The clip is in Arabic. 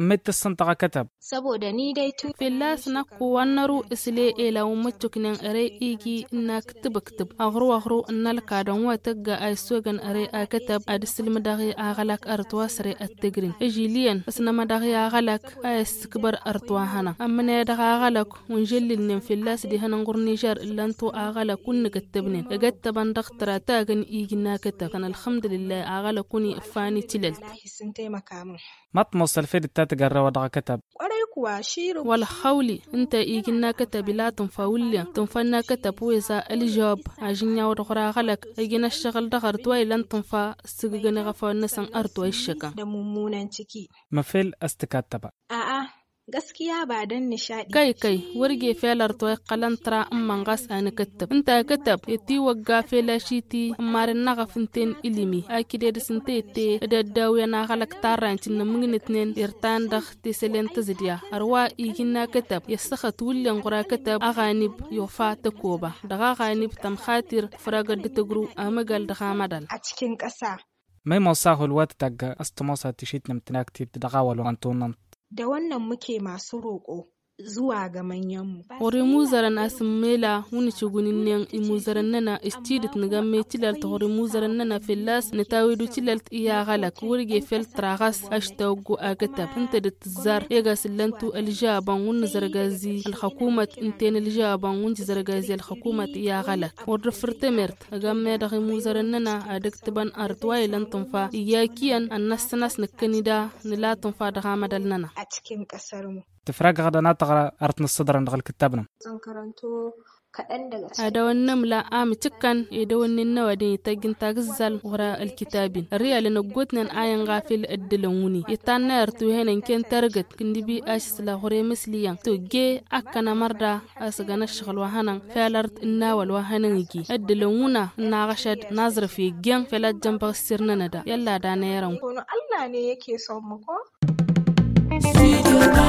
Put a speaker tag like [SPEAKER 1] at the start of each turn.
[SPEAKER 1] ammette santaka katab
[SPEAKER 2] saboda ni dai tun fillas na kuwannaru isle elaw mutuknen are igi na ktib ktib agru agru nal kadan wata ga ay sogan are a katab ad silm daghi a galak artwa sare at tigrin ejiliyan asna madaghi a galak ay sikbar artwa hana amne daga galak unjillil nin fillas di hanan gur niger lantu a galak kun ktibnin gattaban dagtara tagan igi na katab kan alhamdulillah a galak kuni fani tilal
[SPEAKER 1] mat musal fi تقرا وضع كتب
[SPEAKER 2] والخولي انت ايجنا كتب لا تنفاوليا تنفنا كتب ويسا الجواب عجن يا ورغرا غلق ايجنا الشغل دغر توي لن تنفا سيغنا غفا نسان ارتوي الشكا
[SPEAKER 1] مفيل استكاتبا
[SPEAKER 2] اه gaskiya ba dan nishadi kai kai wurge felar toy qalantara in mangas an katab inta katab yati wagga fela shiti marin na gafinten ilimi akide de sinte te da dawe na halak tarancin na mungnitnen irtan ti tiselen tazdiya arwa igina katab yasakha tulen qura katab aganib yofa ta koba daga ganib tam khatir fraga de tegru amagal da hamadal a cikin kasa
[SPEAKER 1] mai mosahul wat tagga astumosa tishit namtnak tib da gawalo antunan
[SPEAKER 2] Da wannan muke masu roƙo zuwa ga manyanmu. Hore muzaran asimmela wuni chugunin nyan imuzaran nana istidit nigamme tilalt hore muzaran nana fillas nitawidu tilalt iya halak wurge fel tragas ashtawgu agatab inta tizar ya ga sillantu aljaban wun zargazi alhakumat inten aljaban wun zargazi alhakumat iya mert Worde firtemert da dagi muzaran nana adiktiban artwai fa iya kiyan annas nas nikkanida nila fa da hamadal nana. A cikin mu.
[SPEAKER 1] تفرق غدا نتغرى أرتن الصدر عند الكتابنا
[SPEAKER 2] أدوانم لا آم تكن يدوان النوادين تجن تغزل وراء الكتابين ريال نقوتنا آيان غافل الدلوني يتانا ارتوهن ان كان ترغت بي أشس لا غري مسليا تو جي أكنا مردا أسغان الشغل وهنا فالارت إنا والوهنا نجي الدلونا ناغشد نظر في جيان فلا جنب سيرنا ندا يلا دانا الله ne سومكو